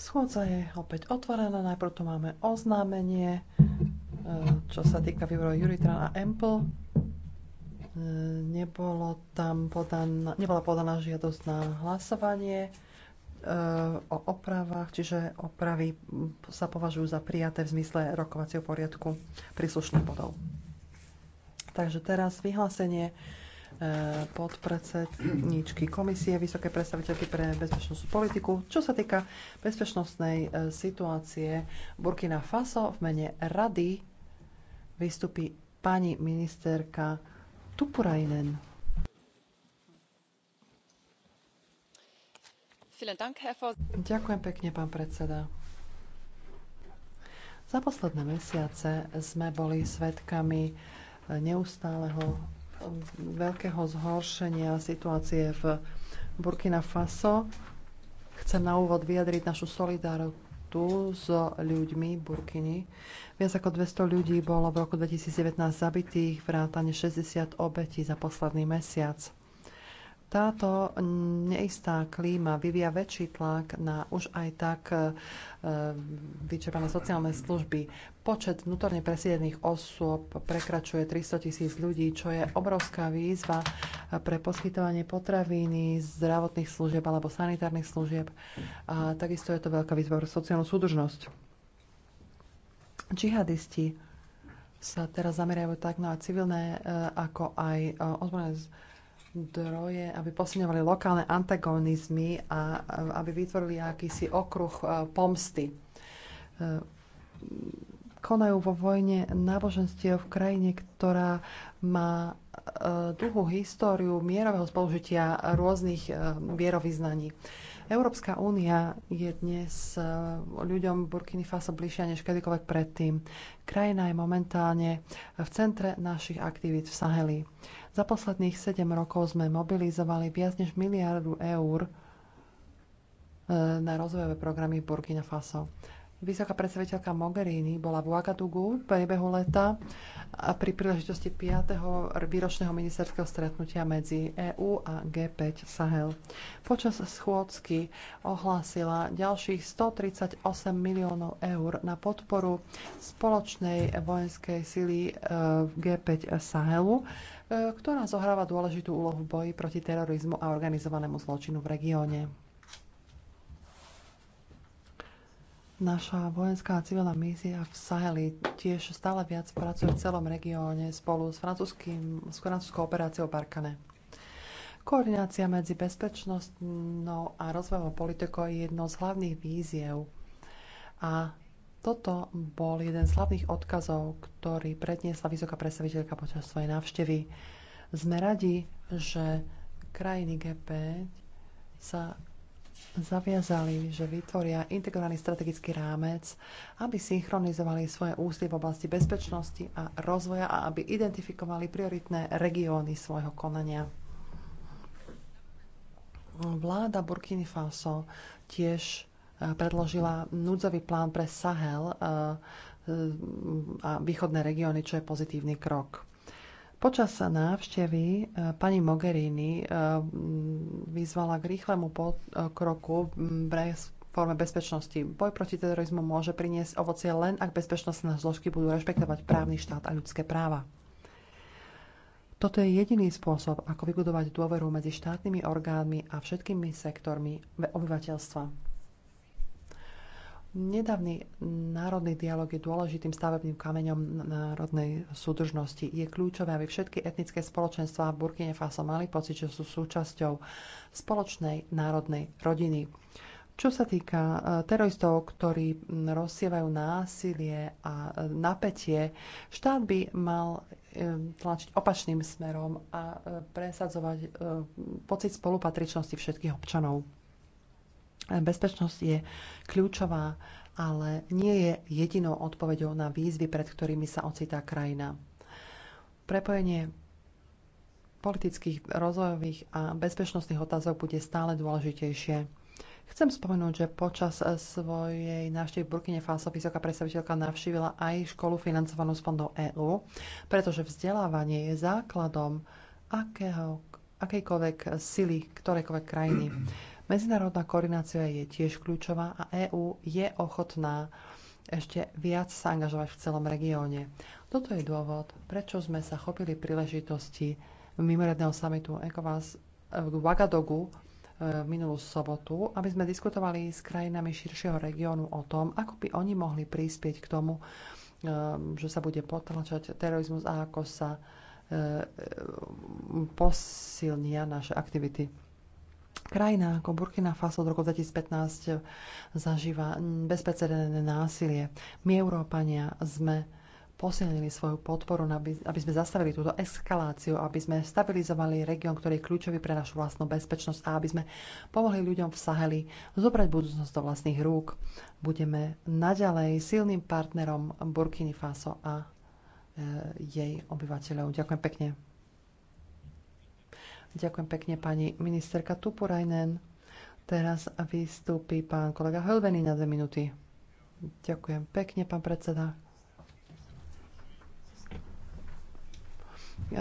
Schôdza je opäť otvorená. Najprv tu máme oznámenie, e, čo sa týka výboru Juritran a Ample. Nebolo tam podaná, nebola podaná žiadosť na hlasovanie e, o opravách, čiže opravy sa považujú za prijaté v zmysle rokovacieho poriadku príslušných bodov. Takže teraz vyhlásenie Eh, podpredsedničky komisie Vysoké predstaviteľky pre bezpečnostnú politiku. Čo sa týka bezpečnostnej eh, situácie Burkina Faso, v mene rady vystupí pani ministerka Tupurainen. Ďakujem pekne, pán predseda. Za posledné mesiace sme boli svedkami eh, neustáleho veľkého zhoršenia situácie v Burkina Faso chcem na úvod vyjadriť našu solidaritu s ľuďmi Burkiny. Viac ako 200 ľudí bolo v roku 2019 zabitých, vrátane 60 obetí za posledný mesiac. Táto neistá klíma vyvíja väčší tlak na už aj tak eh, vyčerpané sociálne služby. Počet vnútorne presídených osôb prekračuje 300 tisíc ľudí, čo je obrovská výzva pre poskytovanie potraviny, zdravotných služieb alebo sanitárnych služieb. A takisto je to veľká výzva pre sociálnu súdržnosť. Džihadisti sa teraz zameriavajú tak na civilné e, ako aj e, ozbrojené zdroje, aby posilňovali lokálne antagonizmy a e, aby vytvorili akýsi okruh pomsty konajú vo vojne náboženstiev v krajine, ktorá má e, dlhú históriu mierového spolužitia rôznych e, vierovýznaní. Európska únia je dnes e, ľuďom Burkiny Faso bližšia než kedykoľvek predtým. Krajina je momentálne v centre našich aktivít v Saheli. Za posledných 7 rokov sme mobilizovali viac než miliardu eur na rozvojové programy Burkina Faso. Vysoká predstaviteľka Mogherini bola v Ouagadougou v priebehu leta a pri príležitosti 5. výročného ministerského stretnutia medzi EÚ a G5 Sahel. Počas schôdzky ohlásila ďalších 138 miliónov eur na podporu spoločnej vojenskej sily e, G5 Sahelu, e, ktorá zohráva dôležitú úlohu v boji proti terorizmu a organizovanému zločinu v regióne. Naša vojenská a civilná misia v Saheli tiež stále viac pracuje v celom regióne spolu s, francúzským, s francúzskou operáciou Barkane. Koordinácia medzi bezpečnostnou a rozvojovou politikou je jednou z hlavných víziev. A toto bol jeden z hlavných odkazov, ktorý predniesla vysoká predstaviteľka počas svojej návštevy. Sme radi, že krajiny G5 sa zaviazali, že vytvoria integrovaný strategický rámec, aby synchronizovali svoje úsilie v oblasti bezpečnosti a rozvoja a aby identifikovali prioritné regióny svojho konania. Vláda Burkiny Faso tiež e, predložila núdzový plán pre Sahel e, e, a východné regióny, čo je pozitívny krok. Počas návštevy e, pani Mogherini e, vyzvala k rýchlemu kroku v forme bezpečnosti. Boj proti terorizmu môže priniesť ovocie len, ak bezpečnostné zložky budú rešpektovať právny štát a ľudské práva. Toto je jediný spôsob, ako vybudovať dôveru medzi štátnymi orgánmi a všetkými sektormi obyvateľstva. Nedávny národný dialog je dôležitým stavebným kameňom národnej súdržnosti. Je kľúčové, aby všetky etnické spoločenstvá v Burkine Faso mali pocit, že sú súčasťou spoločnej národnej rodiny. Čo sa týka e, teroristov, ktorí rozsievajú násilie a e, napätie, štát by mal e, tlačiť opačným smerom a presadzovať pocit spolupatričnosti všetkých občanov. Bezpečnosť je kľúčová, ale nie je jedinou odpoveďou na výzvy, pred ktorými sa ocitá krajina. Prepojenie politických, rozvojových a bezpečnostných otázok bude stále dôležitejšie. Chcem spomenúť, že počas svojej návštevy v Burkine Faso vysoká predstaviteľka navštívila aj školu financovanú z fondov EÚ, pretože vzdelávanie je základom akého, akejkoľvek sily, ktorejkoľvek krajiny. Medzinárodná koordinácia je tiež kľúčová a EÚ je ochotná ešte viac sa angažovať v celom regióne. Toto je dôvod, prečo sme sa chopili príležitosti mimoriadného samitu ECOWAS v Wagadogu e, minulú sobotu, aby sme diskutovali s krajinami širšieho regiónu o tom, ako by oni mohli prispieť k tomu, e, že sa bude potlačať terorizmus a ako sa e, posilnia naše aktivity. Krajina ako Burkina Faso od roku 2015 zažíva bezprecedentné násilie. My, Európania, sme posilnili svoju podporu, aby, sme zastavili túto eskaláciu, aby sme stabilizovali región, ktorý je kľúčový pre našu vlastnú bezpečnosť a aby sme pomohli ľuďom v Saheli zobrať budúcnosť do vlastných rúk. Budeme naďalej silným partnerom Burkiny Faso a e, jej obyvateľov. Ďakujem pekne. Ďakujem pekne pani ministerka Tupurajnen. Teraz vystúpi pán kolega Helvený na dve minúty. Ďakujem pekne, pán predseda.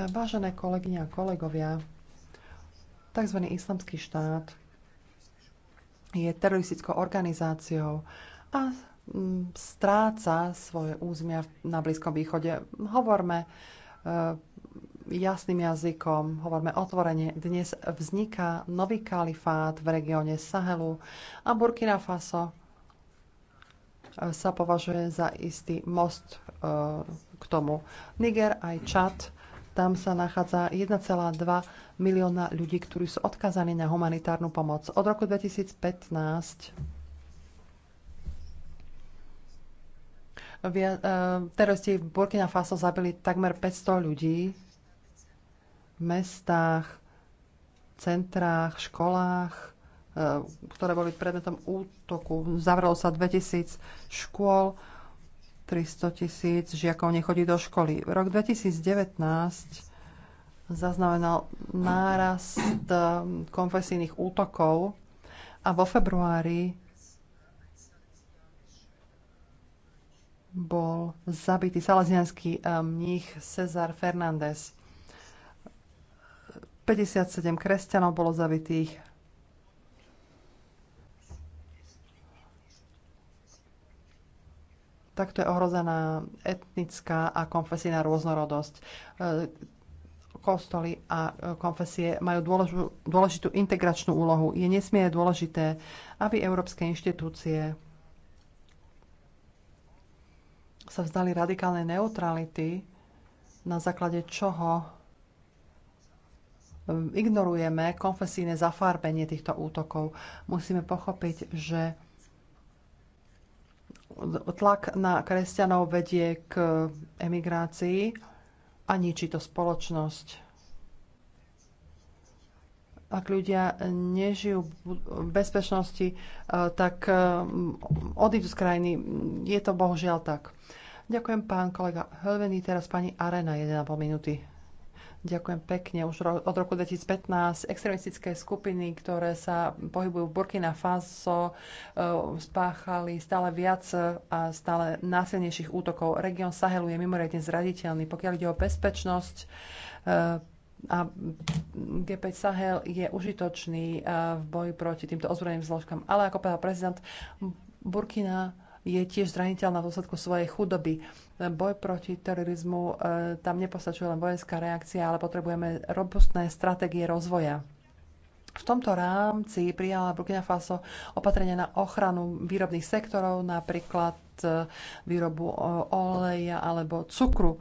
Vážené kolegyne a kolegovia, tzv. islamský štát je teroristickou organizáciou a mm, stráca svoje územia na Blízkom východe. Hovorme e, jasným jazykom, hovoríme otvorene, dnes vzniká nový kalifát v regióne Sahelu a Burkina Faso eh, sa považuje za istý most eh, k tomu. Niger aj Čad, tam sa nachádza 1,2 milióna ľudí, ktorí sú odkazaní na humanitárnu pomoc. Od roku 2015 eh, teroristi v Burkina Faso zabili takmer 500 ľudí mestách, centrách, školách, eh, ktoré boli predmetom útoku. Zavrelo sa 2000 škôl, 300 tisíc žiakov nechodí do školy. Rok 2019 zaznamenal nárast eh, konfesijných útokov a vo februári bol zabitý salazianský eh, mních Cezar Fernández. 57 kresťanov bolo zavitých. Takto je ohrozená etnická a konfesijná rôznorodosť. E, kostoly a e, konfesie majú dôležitú, integračnú úlohu. Je nesmierne dôležité, aby európske inštitúcie sa vzdali radikálnej neutrality, na základe čoho ignorujeme konfesíne zafarbenie týchto útokov. Musíme pochopiť, že tlak na kresťanov vedie k emigrácii a ničí to spoločnosť. Ak ľudia nežijú v bezpečnosti, tak eh, odídu z krajiny. Je to bohužiaľ tak. Ďakujem pán kolega Helvený, teraz pani Arena, 1,5 minúty. Ďakujem pekne. Už ro- od roku 2015 extremistické skupiny, ktoré sa pohybujú v Burkina Faso, e, spáchali stále viac e, a stále násilnejších útokov. Región Sahelu je mimoriadne zraditeľný. Pokiaľ ide o bezpečnosť, e, a G5 Sahel je užitočný v boji proti týmto ozbrojeným zložkám. Ale ako povedal prezident, Burkina je tiež zraniteľná v dôsledku svojej chudoby. Boj proti terorizmu, e, tam nepostačuje len vojenská reakcia, ale potrebujeme robustné stratégie rozvoja. V tomto rámci prijala Burkina Faso opatrenie na ochranu výrobných sektorov, napríklad e, výrobu e, oleja alebo cukru.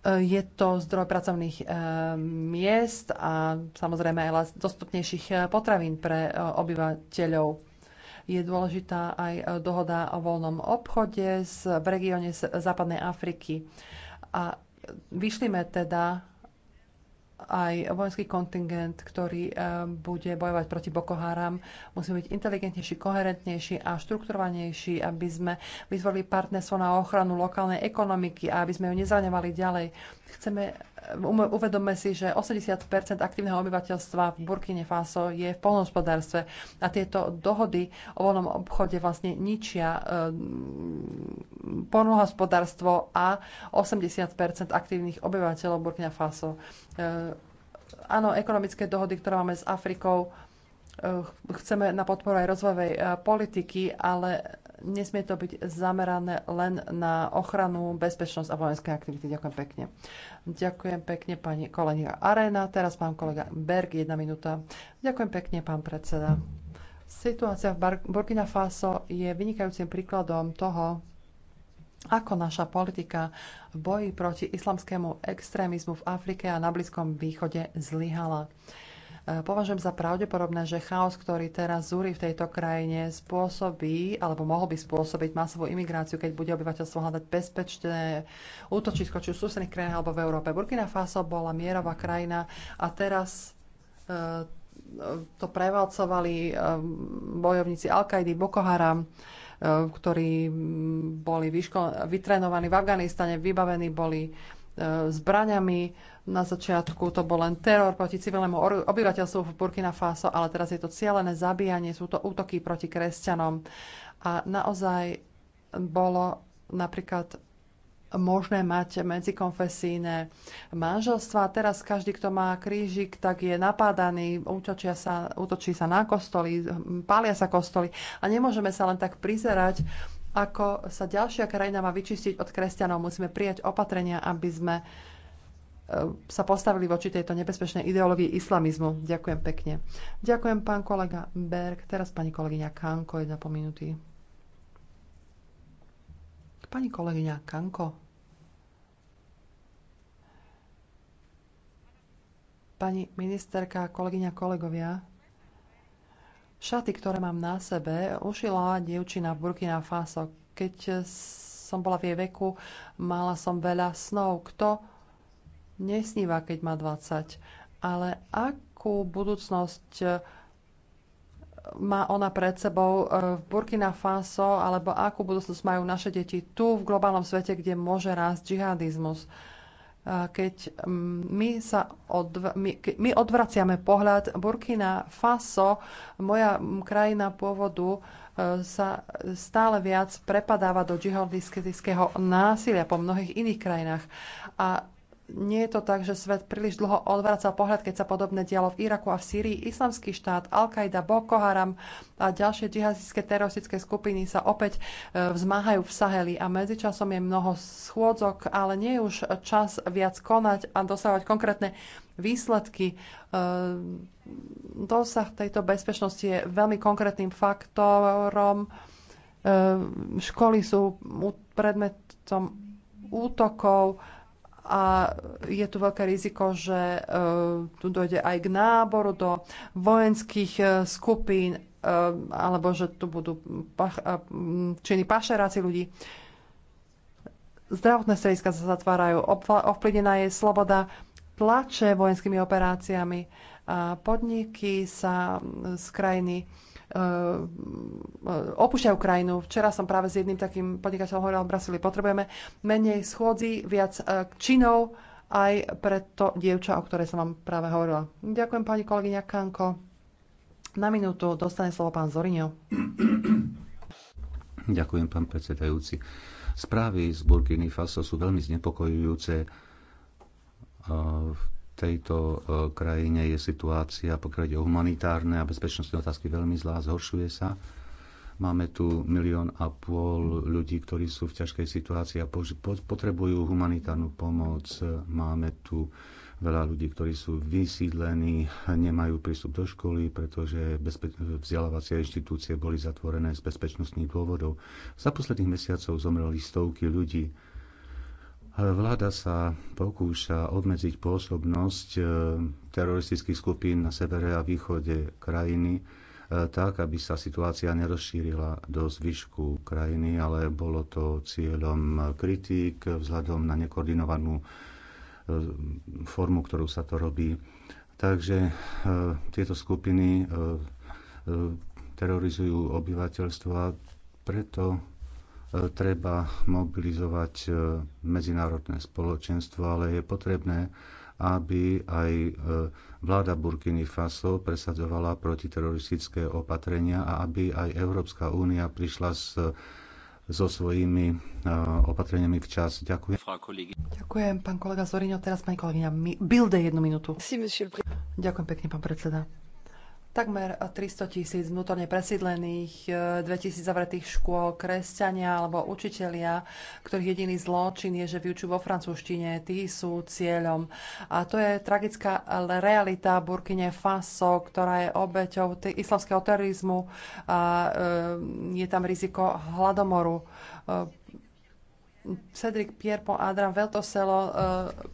Je to zdroj pracovných miest a samozrejme aj dostupnejších potravín pre obyvateľov. Je dôležitá aj e, dohoda o voľnom obchode v regióne Západnej Afriky. A vyšlime teda aj vojenský kontingent, ktorý e, bude bojovať proti Boko Haram. Musíme byť inteligentnejší, koherentnejší a štrukturovanejší, aby sme vytvorili partnerstvo na ochranu lokálnej ekonomiky a aby sme ju nezaňovali ďalej. Chceme uvedome si, že 80 aktívneho obyvateľstva v Burkine Faso je v polnohospodárstve a tieto dohody o voľnom obchode vlastne ničia ehm, polnohospodárstvo a 80 aktívnych obyvateľov Burkina Faso. Ehm, áno, ekonomické dohody, ktoré máme s Afrikou, ehm, chceme na podporu aj rozvojovej eh, politiky, ale nesmie to byť zamerané len na ochranu, bezpečnosť a vojenské aktivity. Ďakujem pekne. Ďakujem pekne pani kolega Arena, teraz pán kolega Berg, jedna minúta. Ďakujem pekne, pán predseda. Situácia v Burkina Faso je vynikajúcim príkladom toho, ako naša politika v boji proti islamskému extrémizmu v Afrike a na Blízkom východe zlyhala. Považujem za pravdepodobné, že chaos, ktorý teraz zúri v tejto krajine, spôsobí, alebo mohol by spôsobiť masovú imigráciu, keď bude obyvateľstvo hľadať bezpečné útočisko, či v susedných krajinách alebo v Európe. Burkina Faso bola mierová krajina a teraz e, to prevalcovali e, bojovníci Al-Kaidi, Boko Haram, e, ktorí boli vyško- v Afganistane, vybavení boli E, zbraňami. Na začiatku to bol len teror proti civilnému obyvateľstvu v Burkina Faso, ale teraz je to cieľené zabíjanie, sú to útoky proti kresťanom. A naozaj bolo napríklad možné mať medzikonfesíne manželstva. Teraz každý, kto má krížik, tak je napádaný, útočia sa, sa na kostoly, pália sa kostoly a nemôžeme sa len tak prizerať ako sa ďalšia krajina má vyčistiť od kresťanov. Musíme prijať opatrenia, aby sme e, sa postavili voči tejto nebezpečnej ideológii islamizmu. Ďakujem pekne. Ďakujem pán kolega Berg. Teraz pani kolegyňa Kanko, jedna po minúty. Pani kolegyňa Kanko. Pani ministerka, kolegyňa, kolegovia. Šaty, ktoré mám na sebe, ušila dievčina v Burkina Faso. Keď som bola v jej veku, mala som veľa snov. Kto nesníva, keď má 20? Ale akú budúcnosť eh, má ona pred sebou eh, v Burkina Faso, alebo akú budúcnosť majú naše deti tu v globálnom svete, kde môže rásť džihadizmus? keď mm, my, sa odv- my, my odvraciame pohľad Burkina Faso, moja mm, krajina pôvodu, e, sa stále viac prepadáva do džihadistického násilia po mnohých iných krajinách. A nie je to tak, že svet príliš dlho odvracal pohľad, keď sa podobné dialo v Iraku a v Sýrii. Islamský štát, Al-Qaida, Boko Haram a ďalšie džihadistické teroristické skupiny sa opäť e, vzmáhajú v Saheli a medzičasom je mnoho schôdzok, ale nie je už čas viac konať a dosávať konkrétne výsledky. E, dosah tejto bezpečnosti je veľmi konkrétnym faktorom. E, školy sú predmetom útokov, a je tu veľké riziko, že eh, tu dojde aj k náboru do vojenských eh, skupín eh, alebo že tu budú činy pašeráci ľudí. Zdravotné strediska sa zatvárajú, ovplyvnená je sloboda tlače vojenskými operáciami a podniky sa mm, z krajiny Eh, opúšťajú krajinu. Včera som práve s jedným takým podnikateľom hovoril v Brazílii, potrebujeme menej schôdzi, viac eh, činov, aj pre to dievča, o ktorej som vám práve hovorila. Ďakujem pani kolegyňa Kanko. Na minútu dostane slovo pán Zorinio. Ďakujem, pán predsedajúci. Správy z Burkiny Faso sú veľmi znepokojujúce. Eh, tejto e, krajine je situácia, pokiaľ ide o humanitárne a bezpečnostné otázky, veľmi zlá, zhoršuje sa. Máme tu milión a pôl ľudí, ktorí sú v ťažkej situácii a potrebujú humanitárnu pomoc. Máme tu veľa ľudí, ktorí sú vysídlení, nemajú prístup do školy, pretože vzdelávacie inštitúcie boli zatvorené z bezpečnostných dôvodov. Za posledných mesiacov zomreli stovky ľudí Vláda sa pokúša obmedziť pôsobnosť e, teroristických skupín na severe a východe krajiny e, tak, aby sa situácia nerozšírila do zvyšku krajiny, ale bolo to cieľom kritík vzhľadom na nekoordinovanú e, formu, ktorú sa to robí. Takže tieto skupiny terorizujú obyvateľstvo a preto treba mobilizovať e, medzinárodné spoločenstvo, ale je potrebné, aby aj e, vláda Burkiny Faso presadzovala protiteroristické opatrenia a aby aj Európska únia prišla s so svojimi e, opatreniami včas. Ďakujem. Ďakujem, pán kolega Zorino. Teraz pani kolegyňa Bilde jednu minútu. Ďakujem pekne, pán predseda. Takmer 300 tisíc vnútorne presídlených, 2000 e, zavretých škôl, kresťania alebo učitelia, ktorých jediný zločin je, že vyučujú vo francúzštine, tí sú cieľom. A to je tragická realita Burkine Faso, ktorá je obeťou islamského terorizmu a e, je tam riziko hladomoru e, Cedric Pierpo a Adam Veltoselo, eh,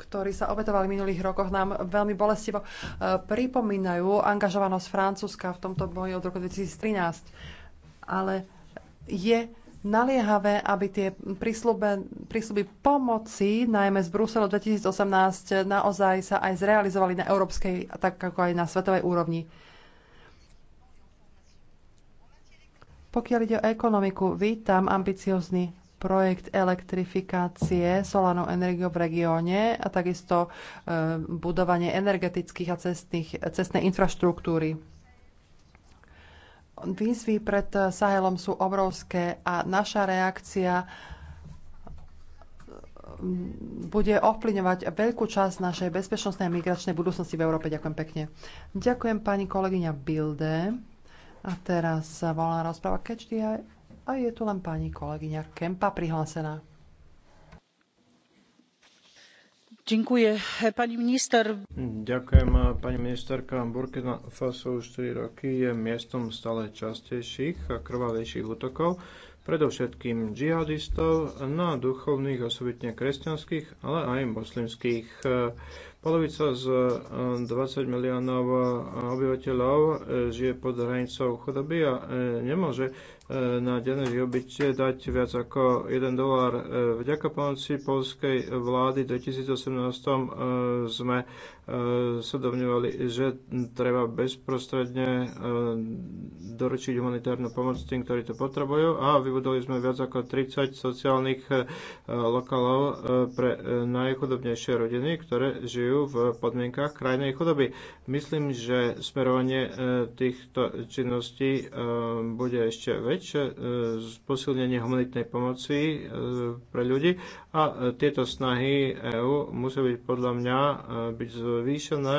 ktorí sa obetovali v minulých rokoch, nám veľmi bolestivo eh, pripomínajú angažovanosť Francúzska v tomto boji od roku 2013. Ale je naliehavé, aby tie prísľuby pomoci, najmä z Bruselu 2018, naozaj sa aj zrealizovali na európskej, tak ako aj na svetovej úrovni. Pokiaľ ide o ekonomiku, vítam ambiciozný projekt elektrifikácie solárnou energiou v regióne a takisto e, budovanie energetických a cestných, cestnej infraštruktúry. Výzvy pred Sahelom sú obrovské a naša reakcia e, bude ovplyvňovať veľkú časť našej bezpečnostnej a migračnej budúcnosti v Európe. Ďakujem pekne. Ďakujem pani kolegyňa Bilde. A teraz sa volá rozpráva Catch the Eye. A je tu len pani kolegyňa Kempa prihlásená. Ďakujem, pani minister. Ďakujem, pani ministerka. Burkina Faso už 4 roky je miestom stále častejších a krvavejších útokov, predovšetkým džihadistov na duchovných, osobitne kresťanských, ale aj moslimských. Polovica z 20 e, miliónov obyvateľov e, žije pod hranicou chudoby a e, nemôže Eh, na denné živobytie dať viac ako 1 dolár. Eh, vďaka pomoci polskej vlády v 2018 eh, sme sa domňovali, že treba bezprostredne doručiť humanitárnu pomoc tým, ktorí to potrebujú a vybudovali sme viac ako 30 sociálnych lokálov pre najchudobnejšie rodiny, ktoré žijú v podmienkách krajnej chudoby. Myslím, že smerovanie týchto činností bude ešte väčšie preč, e, posilnenie humanitnej pomoci e, pre ľudí a e, tieto snahy EÚ musia byť podľa mňa byť zvýšené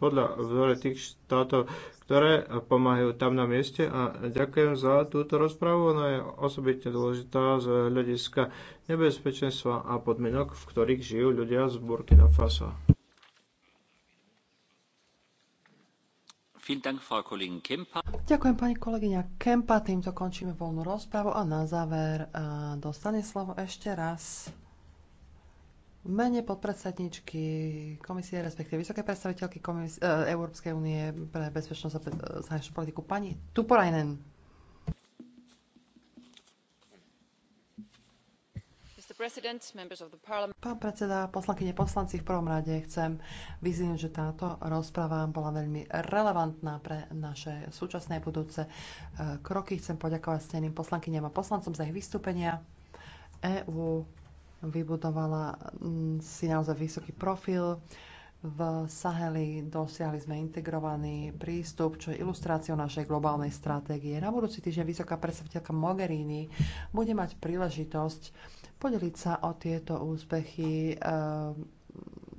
podľa vzore tých štátov, ktoré pomáhajú tam na mieste a ďakujem za túto rozpravu, ona je osobitne dôležitá z hľadiska nebezpečenstva a podmienok, v ktorých žijú ľudia z Burkina Faso. Ďakujem pani kolegyňa Kempa, týmto končíme voľnú rozpravu a na záver eh, dostane slovo ešte raz v mene podpredsedničky komisie, respektíve vysokej predstaviteľky eh, Európskej únie pre bezpečnosť a eh, zahraničnú politiku, pani Tuporajnen. Pán predseda, poslankyne, poslanci, v prvom rade chcem vyzvihnúť, že táto rozpráva bola veľmi relevantná pre naše súčasné budúce eh, kroky. Chcem poďakovať steným poslankyňam a poslancom za ich vystúpenia. EÚ vybudovala mm, si naozaj vysoký profil v Saheli dosiahli sme integrovaný prístup, čo je ilustráciou našej globálnej stratégie. Na budúci týždeň vysoká predstaviteľka Mogherini bude mať príležitosť podeliť sa o tieto úspechy eh,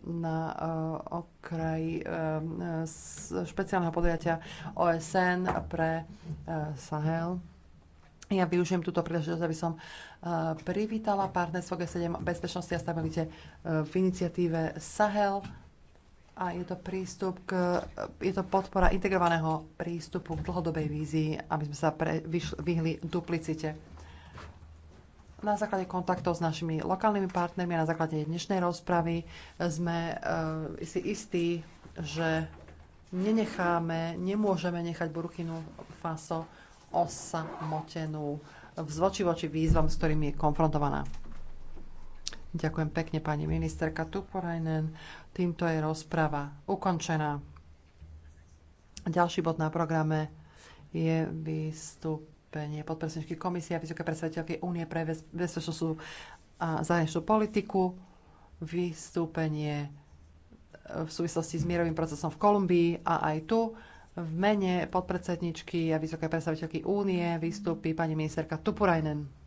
na eh, okraji eh, špeciálneho podujatia OSN pre Sahel. Ja využijem túto príležitosť, aby som privítala partnerstvo G7 bezpečnosti a stabilite v iniciatíve Sahel a je to prístup k, je to podpora integrovaného prístupu k dlhodobej vízii, aby sme sa pre, vyšli, vyhli duplicite. Na základe kontaktov s našimi lokálnymi partnermi a na základe dnešnej rozpravy sme e, si istí, že nenecháme, nemôžeme nechať Burkinu Faso osamotenú v voči výzvam, s ktorými je konfrontovaná. Ďakujem pekne pani ministerka Tuporajnen. Týmto je rozprava ukončená. Ďalší bod na programe je vystúpenie podpredsedničky komisie a vysoké predstaviteľky Únie pre bezpečnostnú a zahraničnú politiku, vystúpenie v súvislosti s mierovým procesom v Kolumbii a aj tu v mene podpredsedničky a vysokej predstaviteľky Únie vystúpi pani ministerka Tupurajnen.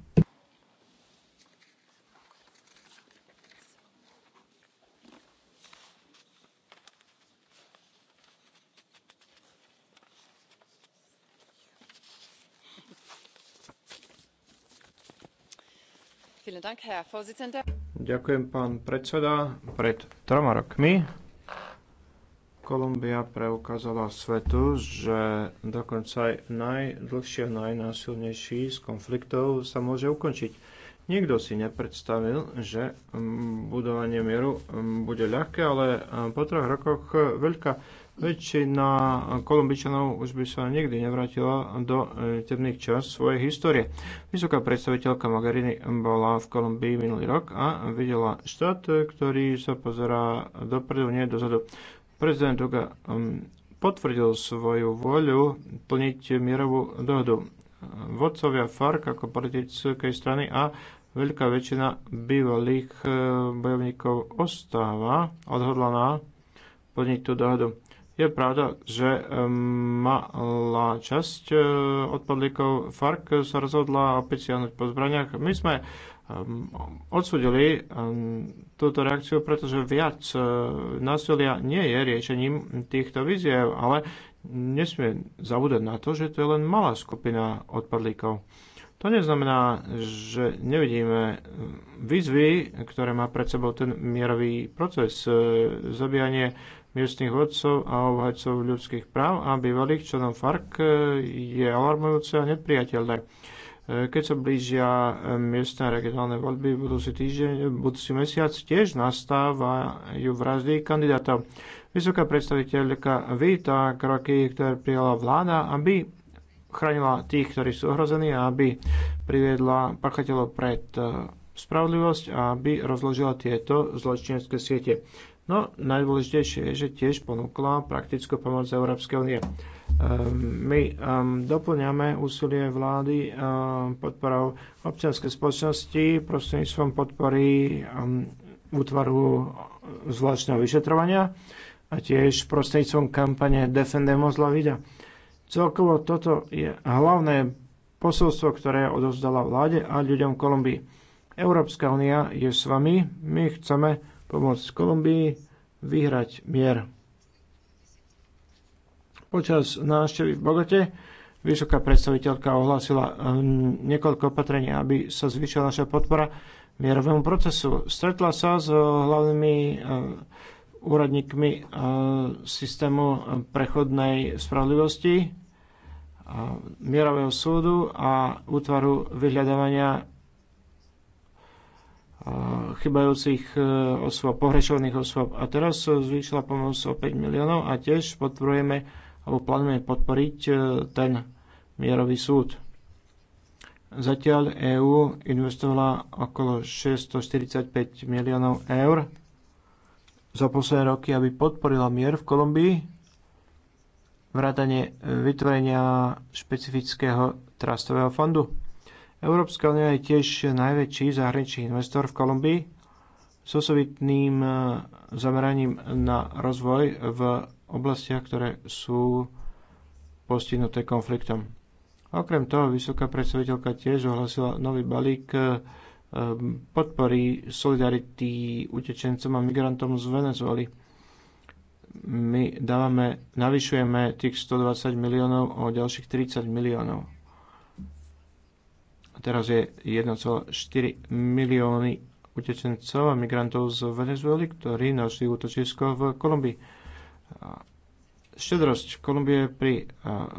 Ďakujem, pán predseda. Pred troma rokmi Kolumbia preukázala svetu, že dokonca aj najdlhšie, najnásilnejší z konfliktov sa môže ukončiť. Nikto si nepredstavil, že budovanie mieru bude ľahké, ale po troch rokoch veľká Väčšina Kolumbičanov už by sa nikdy nevrátila do e, temných čas svojej histórie. Vysoká predstaviteľka Magariny bola v Kolumbii minulý rok a videla štát, ktorý sa pozerá dopredu, nie dozadu. Prezident Duga potvrdil svoju voľu plniť mierovú dohodu. Vodcovia FARC ako politickej strany a veľká väčšina bývalých e, bojovníkov ostáva odhodlaná plniť tú dohodu. Je pravda, že malá časť e, odpadlíkov FARC sa rozhodla opäť siahnuť po zbraniach. My sme odsudili túto reakciu, pretože viac e, násilia nie je riešením týchto víziev, ale nesmie zabúdať na to, že to je len malá skupina odpadlíkov. To neznamená, že nevidíme výzvy, ktoré má pred sebou ten mierový proces, e, zabíjanie miestnych vodcov a obhajcov ľudských práv a bývalých členov FARC e, je alarmujúce a nepriateľné. E, keď sa blížia e, miestne regionálne voľby v budúci týždeň, budúci mesiac tiež nastávajú vraždy kandidátov. Vysoká predstaviteľka víta kroky, ktoré prijala vláda, aby chránila tých, ktorí sú ohrození a aby priviedla pachateľov pred spravodlivosť a aby rozložila tieto zločinecké siete. No, najdôležitejšie je, že tiež ponúkla praktickú pomoc Európskej únie. Ehm, my ehm, doplňame úsilie vlády ehm, podporou občianskej spoločnosti prostredníctvom podpory útvaru zvláštneho vyšetrovania a tiež prostredníctvom kampane Defendemo Zlavida. Celkovo toto je hlavné posolstvo, ktoré odovzdala vláde a ľuďom Kolumbii. Európska únia je s vami, my chceme pomôcť Kolumbii vyhrať mier. Počas návštevy v Bogote vysoká predstaviteľka ohlásila um, niekoľko opatrení, aby sa zvýšila naša podpora mierovému procesu. Stretla sa s hlavnými uh, úradníkmi uh, systému prechodnej spravodlivosti, uh, mierového súdu a útvaru vyhľadávania chybajúcich e, osôb, pohrešovaných osôb. A teraz zvýšila pomoc o 5 miliónov a tiež podporujeme alebo plánujeme podporiť e, ten mierový súd. Zatiaľ EÚ investovala okolo 645 miliónov eur za posledné roky, aby podporila mier v Kolumbii, vrátanie vytvorenia špecifického trastového fondu Európska únia je tiež najväčší zahraničný investor v Kolumbii s osobitným e, zameraním na rozvoj v oblastiach, ktoré sú postihnuté konfliktom. Okrem toho, vysoká predstaviteľka tiež ohlasila nový balík e, podpory solidarity utečencom a migrantom z Venezuely. My dávame, navyšujeme tých 120 miliónov o ďalších 30 miliónov. Teraz je 1,4 milióny utečencov a migrantov z Venezuely, ktorí našli útočisko v Kolumbii. Štedrosť Kolumbie pri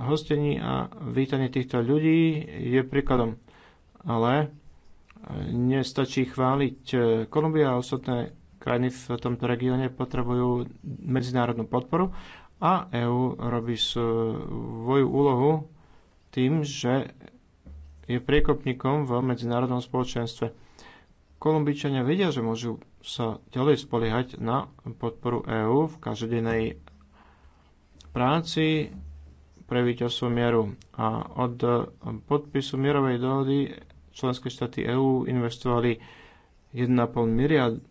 hostení a vítaní týchto ľudí je príkladom. Ale e, nestačí chváliť. E, Kolumbia a ostatné krajiny v tomto regióne potrebujú medzinárodnú podporu a EÚ robí svoju úlohu tým, že je priekopníkom v medzinárodnom spoločenstve. Kolumbičania vedia, že môžu sa ďalej spoliehať na podporu EÚ v každodennej práci pre víťazstvo mieru. A od podpisu mierovej dohody členské štáty EÚ investovali 1,5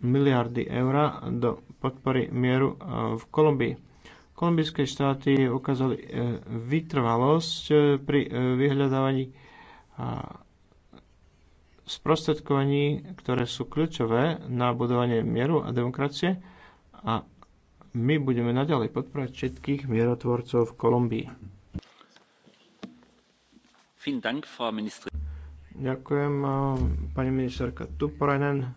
miliardy eur do podpory mieru e, v Kolumbii. Kolumbijské štáty ukázali e, vytrvalosť e, pri vyhľadávaní a sprostredkovaní, ktoré sú kľúčové na budovanie mieru a demokracie a my budeme naďalej podporovať všetkých mierotvorcov v Kolumbii. Ďakujem, pani ministerka Tuporenen.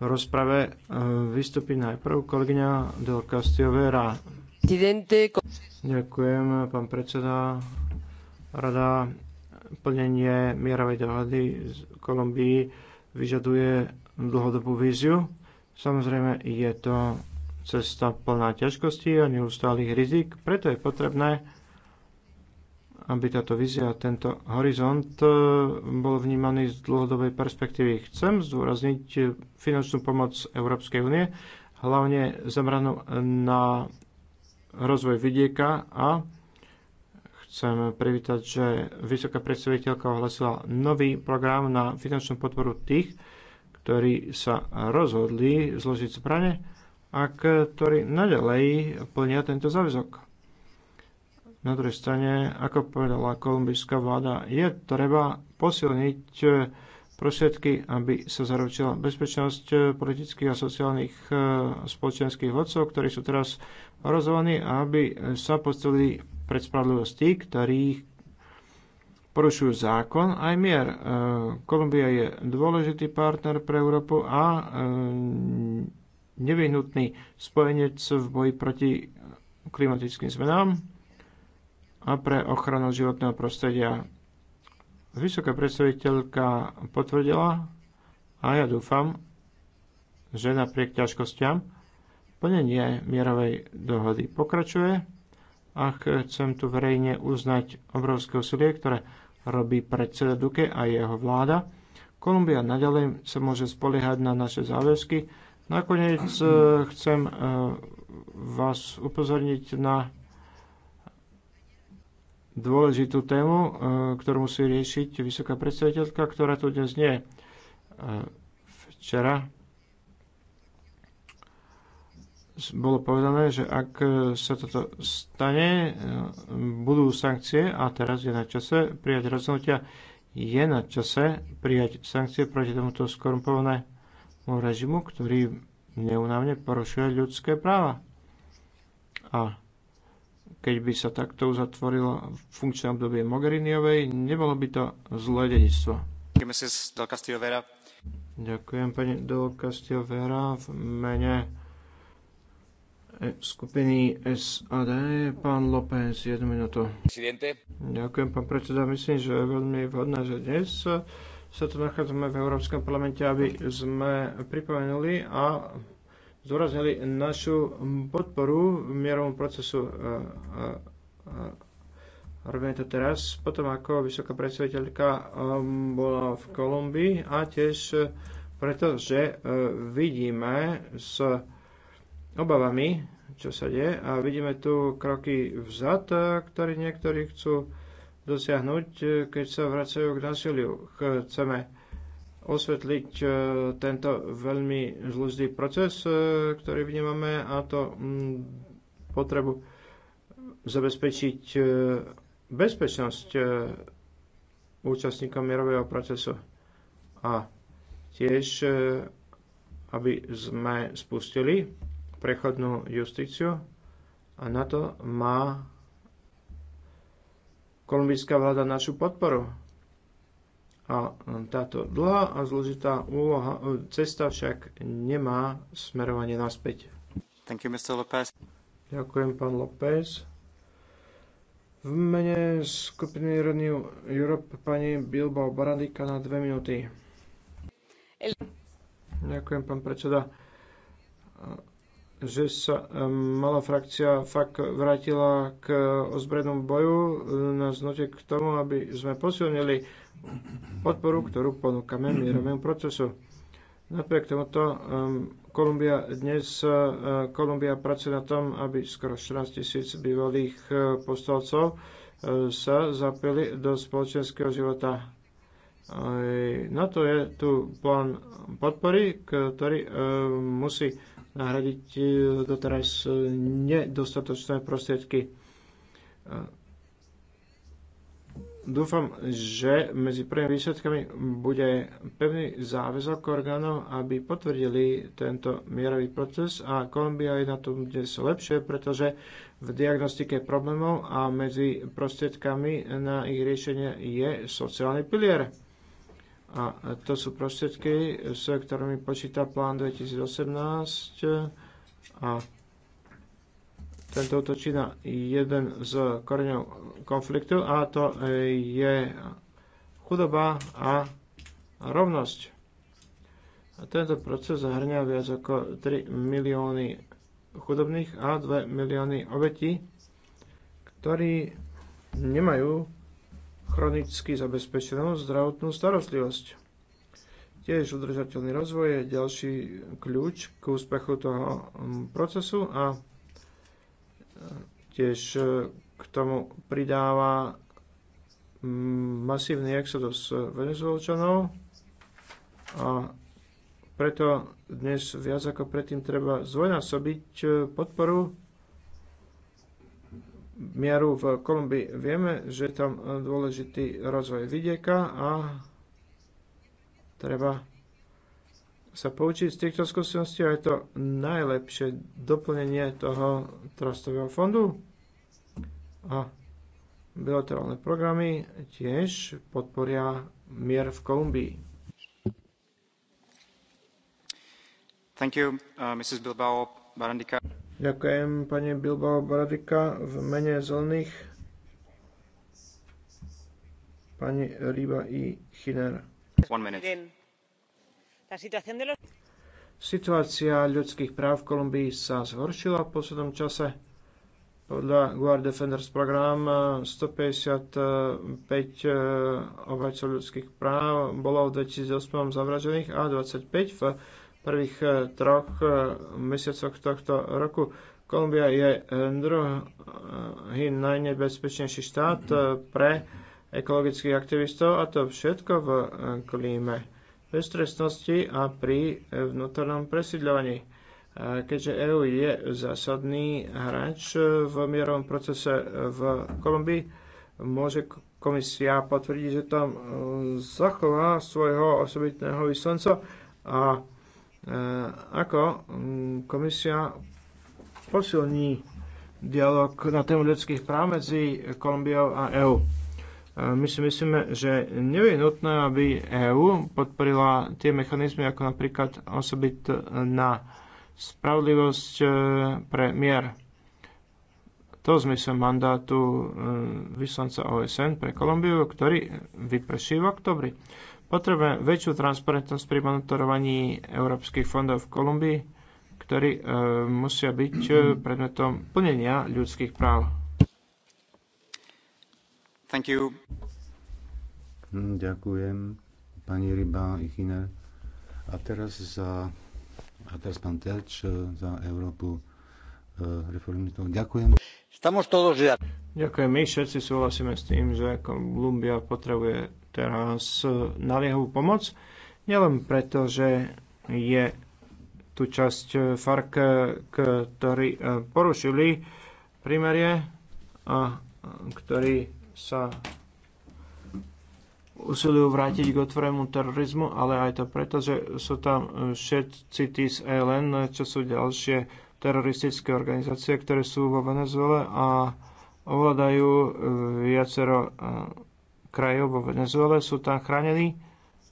V rozprave vystupí najprv kolegyňa Del Castillo Vera. Ďakujem, pán predseda. Rada plnenie mierovej dohody z Kolumbii vyžaduje dlhodobú víziu. Samozrejme, je to cesta plná ťažkostí a neustálých rizik, preto je potrebné, aby táto vízia tento horizont e, bol vnímaný z dlhodobej perspektívy. Chcem zdôrazniť finančnú pomoc Európskej únie, hlavne zameranú na rozvoj vidieka a chcem privítať, že vysoká predstaviteľka ohlasila nový program na finančnú podporu tých, ktorí sa rozhodli zložiť zbrane a ktorí nadalej plnia tento záväzok. Na druhej strane, ako povedala kolumbijská vláda, je treba posilniť prostriedky, aby sa zaručila bezpečnosť politických a sociálnych eh, spoločenských vodcov, ktorí sú teraz rozhovaní, aby sa postavili pred spravodlivosť tí, ktorých porušujú zákon aj mier. E, Kolumbia je dôležitý partner pre Európu a e, nevyhnutný spojenec v boji proti klimatickým zmenám a pre ochranu životného prostredia. Vysoká predstaviteľka potvrdila a ja dúfam, že napriek ťažkostiam plnenie mierovej dohody pokračuje a chcem tu verejne uznať obrovské úsilie, ktoré robí predseda Duke a jeho vláda. Kolumbia naďalej sa môže spoliehať na naše záväzky. Nakoniec eh, chcem eh, vás upozorniť na dôležitú tému, eh, ktorú musí riešiť vysoká predstaviteľka, ktorá tu dnes nie je. Včera bolo povedané, že ak e, sa toto stane, e, budú sankcie a teraz je na čase prijať rozhodnutia. Je na čase prijať sankcie proti tomuto skorumpovanému režimu, ktorý neunávne porušuje ľudské práva. A keď by sa takto uzatvorilo funkčné obdobie Mogheriniovej, nebolo by to zlé dedictvo. Ďakujem pani Del Castillo Vera v mene E, skupiny SAD, pán López, jednu minútu. Ďakujem, pán predseda. Myslím, že je veľmi vhodné, že dnes sa tu nachádzame v Európskom parlamente, aby sme pripomenuli a zúraznili našu podporu mierovom procesu. E, e, robíme to teraz, potom ako vysoká predstaviteľka bola v Kolumbii a tiež preto, že vidíme s obavami, čo sa deje. A vidíme tu kroky vzad, ktoré niektorí chcú dosiahnuť, keď sa vracajú k násiliu. Chceme osvetliť e, tento veľmi zlúzdý proces, e, ktorý vnímame a to potrebu zabezpečiť e, bezpečnosť účastníkom mierového procesu. A tiež, aby sme spustili prechodnú justíciu a na to má kolumbijská vláda našu podporu. A táto dlhá a zložitá úloha, cesta však nemá smerovanie naspäť. Thank you, Mr. Lopez. Ďakujem, pán López. V mene skupiny Renew Europe pani Bilbao Baradika na dve minúty. Ďakujem, pán predseda že sa malá frakcia fakt vrátila k ozbrojenému boju na znote k tomu, aby sme posilnili podporu, ktorú ponúkame mierovému procesu. Napriek tomuto Kolumbia dnes e, Kolumbia pracuje na tom, aby skoro 14 tisíc bývalých e, postavcov e, sa zapili do spoločenského života. Na to je tu plán podpory, ktorý musí nahradiť e, doteraz e, nedostatočné prostriedky. E, dúfam, že medzi prvými výsledkami bude pevný záväzok orgánov, aby potvrdili tento mierový proces a Kolumbia je na tom dnes lepšie, pretože v diagnostike problémov a medzi prostriedkami na ich riešenie je sociálny pilier. A to sú prostriedky, s ktorými počíta plán 2018 a tento útočí na jeden z koreňov konfliktu a to je chudoba a rovnosť. A tento proces zahrňa viac ako 3 milióny chudobných a 2 milióny obetí, ktorí nemajú chronicky zabezpečenú zdravotnú starostlivosť. Tiež udržateľný rozvoj je ďalší kľúč k úspechu toho mm, procesu a e, tiež e, k tomu pridáva mm, masívny exodus venezuelčanov a preto dnes viac ako predtým treba zvojnásobiť e, podporu mieru v Kolumbii. Vieme, že je tam e, dôležitý rozvoj vidieka a treba sa poučiť z týchto skúseností a je to najlepšie doplnenie toho trastového fondu. A bilaterálne programy tiež podporia mier v Kolumbii. Thank you, uh, Mrs. Bilbao Barandika. Ďakujem pani Bilbao Baradika v mene zelených. Pani Riba i Chinera. Situácia ľudských práv v Kolumbii sa zhoršila v poslednom čase. Podľa Guard Defenders program 155 eh, obhajcov ľudských práv bolo v 2008 zavražených a 25 v prvých eh, troch eh, mesiacoch tohto roku. Kolumbia je eh, druhý najnebezpečnejší štát pre ekologických aktivistov a to všetko v klíme bezstresnosti a pri vnútornom presídľovaní. Keďže EÚ je zásadný hráč v mierovom procese v Kolumbii, môže komisia potvrdiť, že tam zachová svojho osobitného vyslanca a Eh, ako mm, komisia posilní dialog na tému ľudských práv medzi Kolumbiou a EÚ. Eh, my si myslíme, že nie je nutné, aby EÚ podporila tie mechanizmy, ako napríklad osobit na spravodlivosť eh, pre mier. To zmysel mandátu vyslanca OSN pre Kolumbiu, ktorý vyprší v oktobri. Potrebujeme väčšiu transparentnosť pri monitorovaní európskych fondov v Kolumbii, ktorí e, musia byť e, predmetom plnenia ľudských práv. Thank you. Hm, ďakujem, pani Ryba Ichiner. A teraz, za, a teraz pán Telč e, za Európu e, reformistov. Ďakujem. Ďakujem. My všetci súhlasíme s tým, že Kolumbia potrebuje teraz e, naliehavú pomoc, nielen preto, že je tu časť e, FARC, e, ktorí porušili primerie a ktorí sa usilujú vrátiť k otvorému terorizmu, ale aj to preto, že sú tam všetci tí z ELN, čo sú ďalšie teroristické organizácie, ktoré sú vo Venezuele a ovládajú viacero krajov vo Venezuele sú tam chránení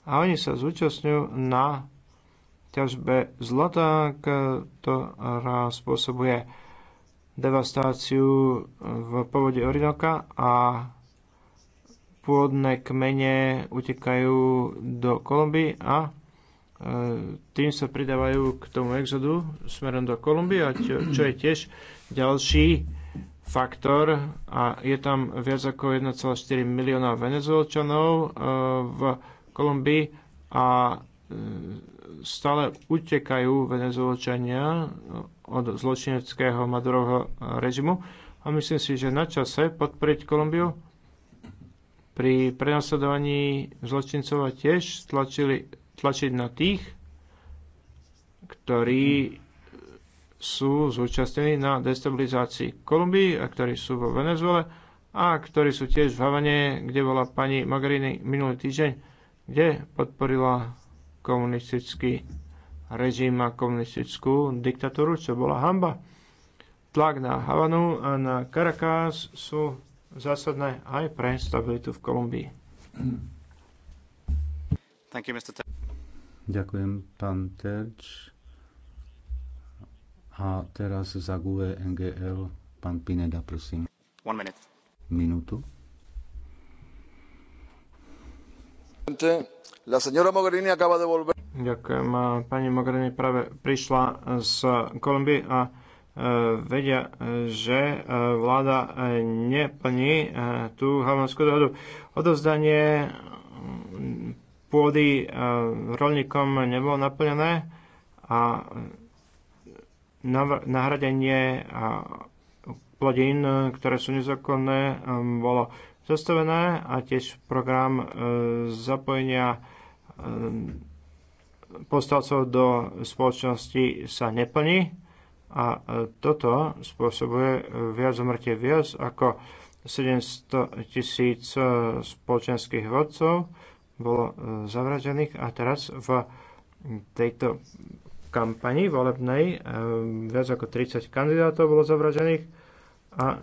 a oni sa zúčastňujú na ťažbe zlata, ktorá spôsobuje devastáciu v povode Orinoka a pôvodné kmene utekajú do Kolumbii a e, tým sa pridávajú k tomu exodu smerom do Kolumbie, čo, čo je tiež ďalší faktor a je tam viac ako 1,4 milióna venezuelčanov e, v Kolumbii a e, stále utekajú venezuelčania od zločineckého Madurovho režimu a myslím si, že na čase podporiť Kolumbiu pri prenasledovaní zločincov a tiež tlačili, tlačiť na tých, ktorí sú zúčastnení na destabilizácii Kolumbii a ktorí sú vo Venezuele a ktorí sú tiež v Havane, kde bola pani Mogherini minulý týždeň, kde podporila komunistický režim a komunistickú diktatúru, čo bola hamba. Tlak na Havanu a na Caracas sú zásadné aj pre stabilitu v Kolumbii. Ďakujem, pán Terč. A teraz za GUE NGL pán Pineda, prosím. One minute. Minútu. La señora Mogherini acaba de volver. Ďakujem. Pani Mogherini práve prišla z Kolumbie a e, vedia, že e, vláda e, neplní tú havanskú dohodu. Odovzdanie pôdy rolníkom nebolo naplnené a nahradenie plodín, ktoré sú nezákonné, um, bolo zastavené a tiež program uh, zapojenia um, postavcov do spoločnosti sa neplní a uh, toto spôsobuje uh, viac zomrtie viac ako 700 tisíc spoločenských vodcov bolo zavražených a teraz v tejto kampani volebnej eh, viac ako 30 kandidátov bolo zavražených a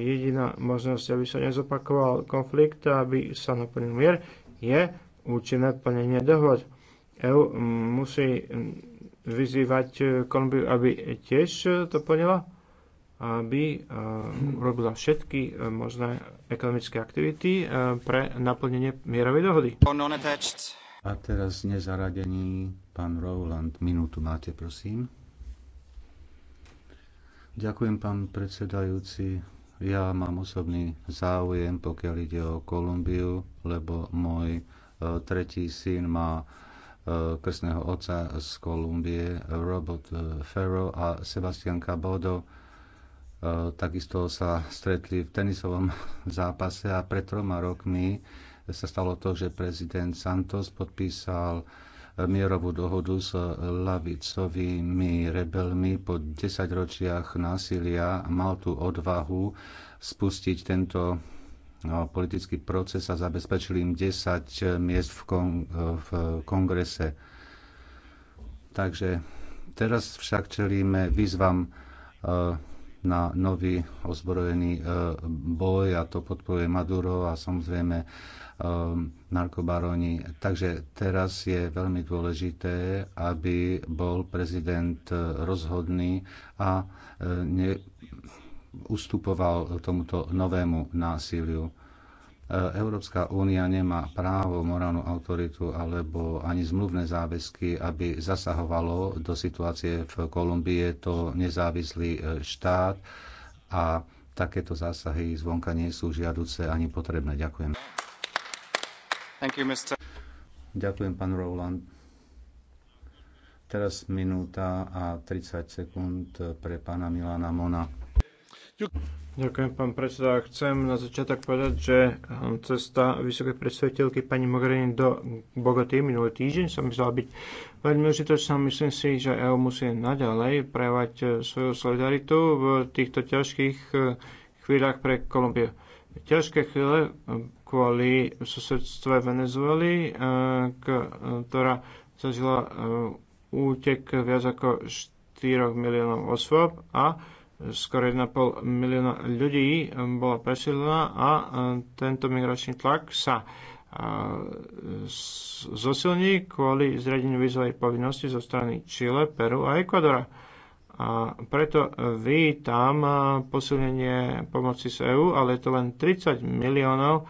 jediná možnosť, aby sa nezopakoval konflikt a aby sa naplnil mier, je účinné plnenie dohod. EU musí vyzývať Kolumbiu, aby tiež to plnila, aby eh, robila všetky eh, možné ekonomické aktivity pre naplnenie mierovej dohody. A teraz nezaradený pán Rowland. Minútu máte, prosím. Ďakujem, pán predsedajúci. Ja mám osobný záujem, pokiaľ ide o Kolumbiu, lebo môj e, tretí syn má e, krstného otca z Kolumbie, Robert e, Ferro a Sebastian Cabodo. Takisto sa stretli v tenisovom zápase a pred troma rokmi sa stalo to, že prezident Santos podpísal mierovú dohodu s lavicovými rebelmi po 10 ročiach násilia mal tú odvahu spustiť tento no, politický proces a zabezpečil im 10 miest v, kon- v kongrese. Takže teraz však čelíme výzvam eh, na nový ozbrojený eh, boj a to podporuje Maduro a samozrejme Um, narkobaroni. Takže teraz je veľmi dôležité, aby bol prezident uh, rozhodný a uh, ne, ustupoval tomuto novému násiliu. Uh, Európska únia nemá právo, morálnu autoritu alebo ani zmluvné záväzky, aby zasahovalo do situácie v Kolumbii. Je to nezávislý štát a takéto zásahy zvonka nie sú žiaduce ani potrebné. Ďakujem. Ďakujem, pán Rowland. Teraz minúta a 30 sekúnd pre pána Milana Mona. Ďakujem, pán predseda. Chcem na začiatok povedať, že hm, cesta vysokej predstaviteľky pani Mogherini do Bogoty minulý týždeň sa myslel byť veľmi užitočná. Myslím si, že EU musí naďalej prejavať e, svoju solidaritu v týchto ťažkých e, chvíľach pre Kolumbiu ťažké chvíle eh, kvôli susedstve Venezueli, eh, ktorá zažila eh, útek viac ako 4 miliónov osôb a skoro 1,5 milióna ľudí bola presídlená a tento migračný tlak sa zosilní kvôli zradeniu výzovej povinnosti zo strany Chile, Peru a Ekvadora. A preto vítam eh, posilnenie pomoci z EÚ, ale je to len 30 miliónov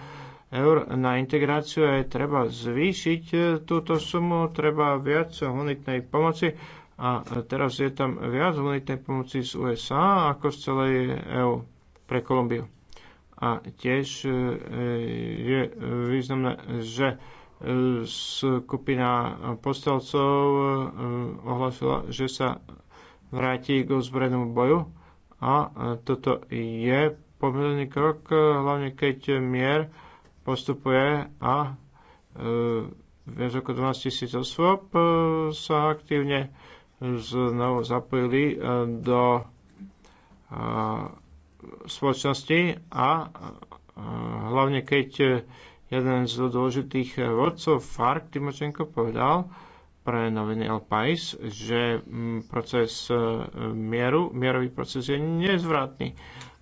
eur na integráciu a je treba zvýšiť eh, túto sumu, treba viac humanitnej pomoci a eh, teraz je tam viac humanitnej pomoci z USA ako z celej EÚ pre Kolumbiu. A tiež je významné, že skupina postelcov ohlasila, že sa vráti k zbrednému boju. A e, toto je pomylený krok, e, hlavne keď mier postupuje a e, viac ako 12 tisíc osôb sa aktívne znovu zapojili do spoločnosti a hlavne keď jeden z dôležitých vodcov FARC, Timočenko, povedal, pre noviny El Pais, že mm, proces e, mieru, mierový proces je nezvratný.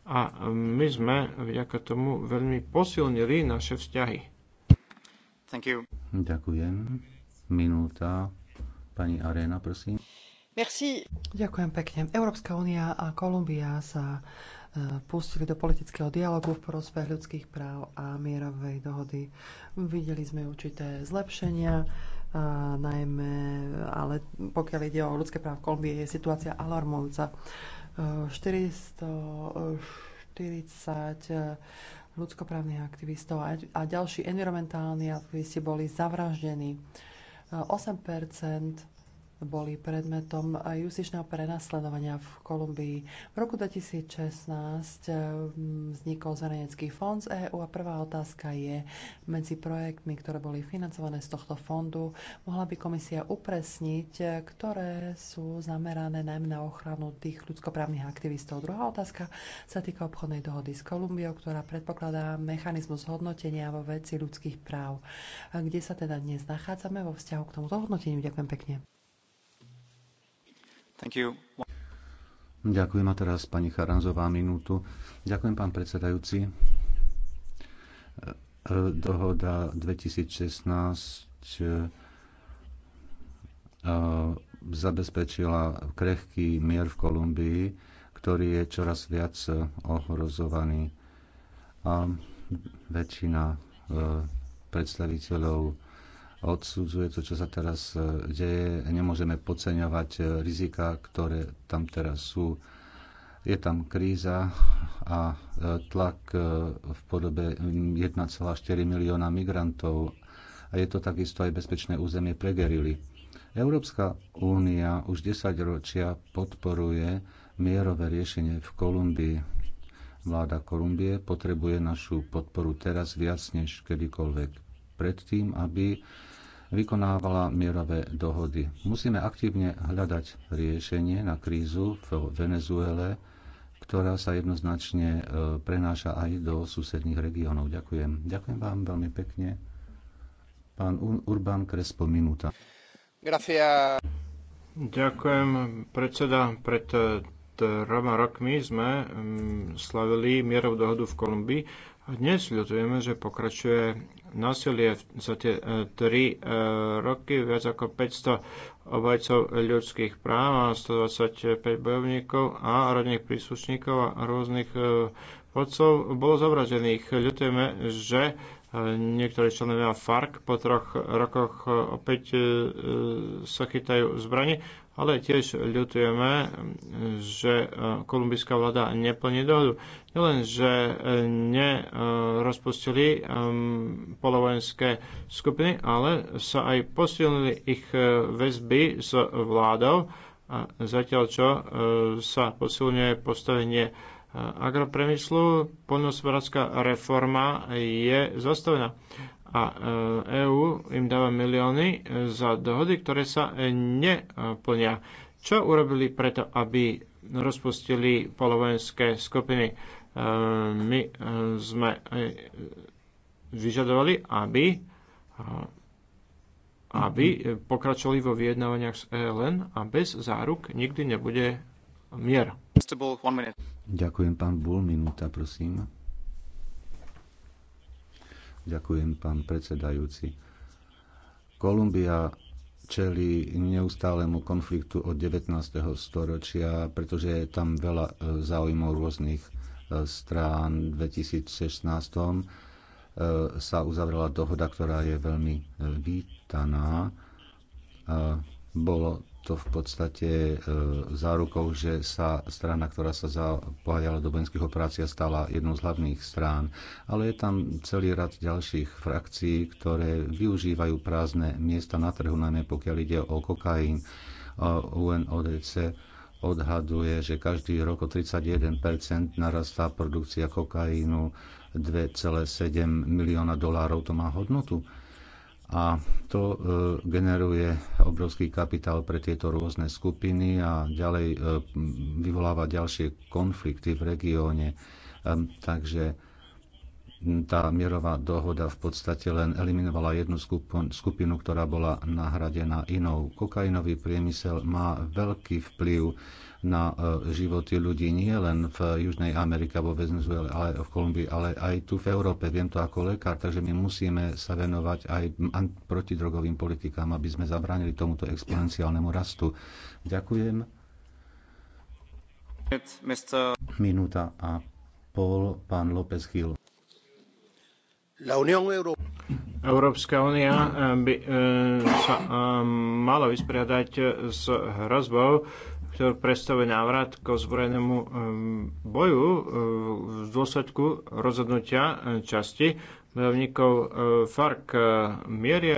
A e, my sme vďaka tomu veľmi posilnili naše vzťahy. Thank you. Ďakujem. Minúta. Pani Arena, prosím. Merci. Ďakujem pekne. Európska únia a Kolumbia sa e, pustili do politického dialogu v prospech ľudských práv a mierovej dohody. Videli sme určité zlepšenia najmä, ale pokiaľ ide o ľudské práva v Kolumbii, je situácia alarmujúca. 440 e, e, ľudskoprávnych aktivistov a, ďalší environmentálni aktivisti boli zavraždení. 8 e, boli predmetom justičného prenasledovania v Kolumbii. V roku 2016 eh, vznikol Zverejnecký fond z EÚ a prvá otázka je medzi projektmi, ktoré boli financované z tohto fondu, mohla by komisia upresniť, eh, ktoré sú zamerané najmä na ochranu tých ľudskoprávnych aktivistov. Druhá otázka sa týka obchodnej dohody s Kolumbiou, ktorá predpokladá mechanizmus hodnotenia vo veci ľudských práv. Kde sa teda dnes nachádzame vo vzťahu k tomuto hodnoteniu? Ďakujem pekne. Ďakujem a teraz pani Charanzová minútu. Ďakujem, pán predsedajúci. Dohoda 2016 eh, zabezpečila krehký mier v Kolumbii, ktorý je čoraz viac eh, ohrozovaný. A väčšina eh, predstaviteľov odsudzuje to, čo sa teraz e, deje. Nemôžeme podceňovať e, rizika, ktoré tam teraz sú. Je tam kríza a e, tlak v podobe 1,4 milióna migrantov a je to takisto aj bezpečné územie pre gerily. Európska únia už 10 ročia podporuje mierové riešenie v Kolumbii. Vláda Kolumbie potrebuje našu podporu teraz viac než kedykoľvek pred tým, aby vykonávala mierové dohody. Musíme aktívne hľadať riešenie na krízu v Venezuele, ktorá sa jednoznačne e, prenáša aj do susedných regiónov. Ďakujem. Ďakujem vám veľmi pekne. Pán Urban Krespo, minúta. Grafia. Ďakujem, predseda. Pred troma e, rokmi sme mm, slavili mierovú dohodu v Kolumbii dnes ľutujeme, že pokračuje násilie za tie e, tri e, roky viac ako 500 obajcov ľudských práv a 125 bojovníkov a rodných príslušníkov a rôznych e, vodcov bolo zavražených. Ľutujeme, že niektorí členovia FARC po troch rokoch opäť e, sa chytajú zbrani, ale tiež ľutujeme, že e, kolumbijská vláda neplní dohodu. Nielen, že e, nerozpustili polovojenské skupiny, ale sa aj posilnili ich väzby s vládou, a zatiaľ čo sa posilňuje postavenie agropremyslu, poľnohospodárska reforma je zastavená. A EÚ e im dáva milióny e, za dohody, ktoré sa e, neplnia. Čo urobili preto, aby rozpustili polovojenské skupiny? My sme vyžadovali, aby aby pokračovali vo vyjednávaniach s ELN a bez záruk nikdy nebude mier. Ďakujem, pán Bull, minúta, prosím. Ďakujem, pán predsedajúci. Kolumbia čeli neustálemu konfliktu od 19. storočia, pretože je tam veľa e, záujmov rôznych e, strán. V 2016 e, sa uzavrela dohoda, ktorá je veľmi vítaná. Bolo to v podstate e, zárukou, že sa strana, ktorá sa zapájala do vojenských operácií, stala jednou z hlavných strán. Ale je tam celý rad ďalších frakcií, ktoré využívajú prázdne miesta na trhu, najmä pokiaľ ide o kokain. UNODC odhaduje, že každý rok o 31 narastá produkcia kokainu 2,7 milióna dolárov. To má hodnotu a to e, generuje obrovský kapitál pre tieto rôzne skupiny a ďalej e, vyvoláva ďalšie konflikty v regióne. E, takže tá mierová dohoda v podstate len eliminovala jednu skupinu, ktorá bola nahradená inou. Kokainový priemysel má veľký vplyv na e, životy ľudí nie len v Južnej Amerike, vo Venezuele, ale v Kolumbii, ale aj tu v Európe. Viem to ako lekár, takže my musíme sa venovať aj protidrogovým politikám, aby sme zabránili tomuto exponenciálnemu rastu. Ďakujem. Minúta a pol, pán López Gil. Európska únia eh, by eh, sa eh, mala vysporiadať s hrozbou sektor predstavuje návrat k ozbrojenému boju v dôsledku rozhodnutia časti bojovníkov FARC. Mier je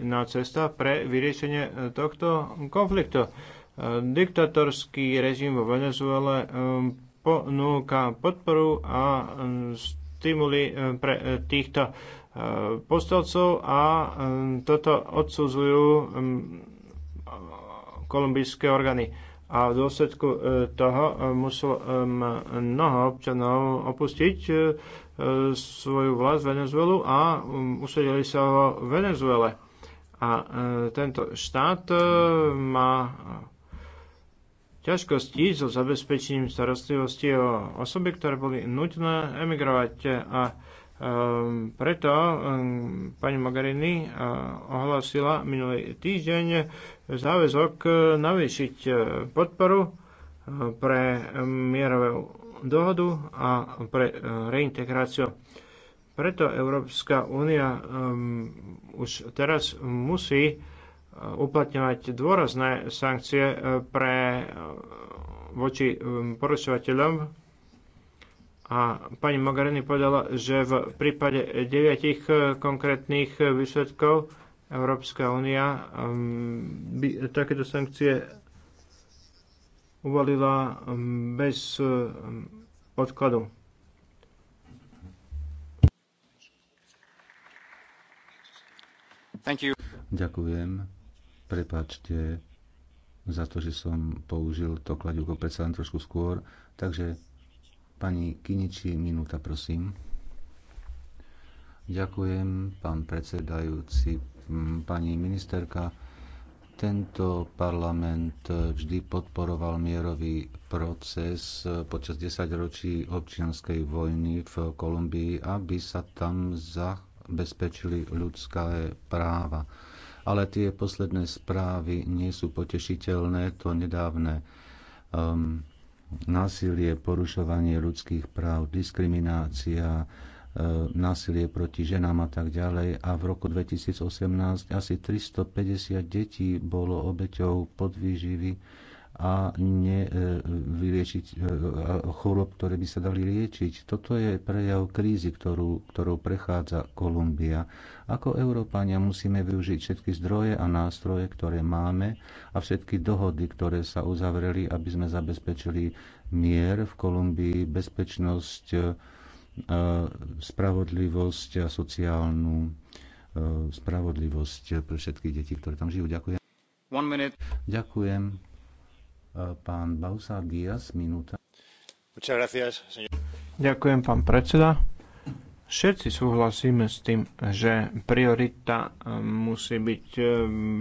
jediná cesta pre vyriešenie tohto konfliktu. Diktatorský režim vo Venezuele ponúka podporu a stimuli pre e, týchto e, postavcov a toto odsudzujú kolumbijské orgány a v dôsledku e, toho e, musel e, mnoho občanov opustiť svoju vlast Venezuelu a um, usadili sa vo Venezuele. A tento štát má ťažkosti so zabezpečením starostlivosti o osoby, ktoré boli nutné emigrovať. A preto pani Mogherini ohlasila minulý týždeň záväzok e, navýšiť e, podporu e, pre mierovú dohodu a pre reintegráciu. Preto Európska únia už teraz musí uplatňovať dôrazné sankcie pre voči porušovateľom. A pani Mogherini povedala, že v prípade deviatich konkrétnych výsledkov Európska únia um, by takéto sankcie uvalila um, bez um, odkladu. Thank you. Ďakujem. Prepačte za to, že som použil to kladivko predsa len trošku skôr. Takže pani Kiniči, minúta prosím. Ďakujem, pán predsedajúci pani ministerka. Tento parlament vždy podporoval mierový proces počas 10 ročí občianskej vojny v Kolumbii, aby sa tam zabezpečili ľudské práva. Ale tie posledné správy nie sú potešiteľné. To nedávne um, násilie, porušovanie ľudských práv, diskriminácia, E, násilie proti ženám a tak ďalej. A v roku 2018 asi 350 detí bolo obeťou podvýživy a e, vyliečiť e, chorob, ktoré by sa dali liečiť. Toto je prejav krízy, ktorú, ktorou prechádza Kolumbia. Ako Európania musíme využiť všetky zdroje a nástroje, ktoré máme a všetky dohody, ktoré sa uzavreli, aby sme zabezpečili mier v Kolumbii, bezpečnosť spravodlivosť a sociálnu e, spravodlivosť pre všetky deti, ktoré tam žijú. Ďakujem. One minute. Ďakujem. E, pán Bausa Díaz, minúta. Ďakujem, pán predseda. Všetci súhlasíme s tým, že priorita e, musí byť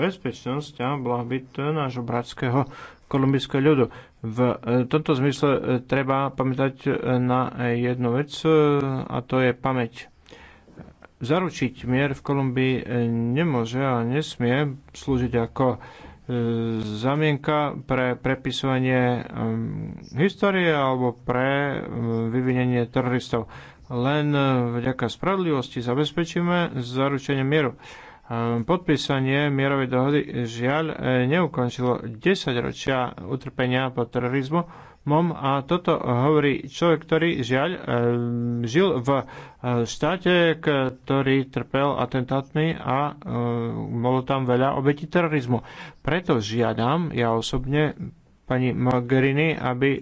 bezpečnosť a blahbyt nášho bratského kolumbijského ľudu. V e, tomto zmysle e, treba pamätať e, na jednu vec a to je pamäť. Zaručiť mier v Kolumbii nemôže a nesmie slúžiť ako zamienka pre prepisovanie histórie alebo pre vyvinenie teroristov. Len vďaka spravodlivosti zabezpečíme zaručenie mieru. Ehm, podpísanie mierovej dohody žiaľ e, neukončilo 10 ročia utrpenia po terorizmu mom a toto hovorí človek, ktorý žiaľ ehm, žil v e, štáte, ktorý trpel atentátmi a ehm, bolo tam veľa obetí terorizmu. Preto žiadam ja osobne pani Mogherini, aby e,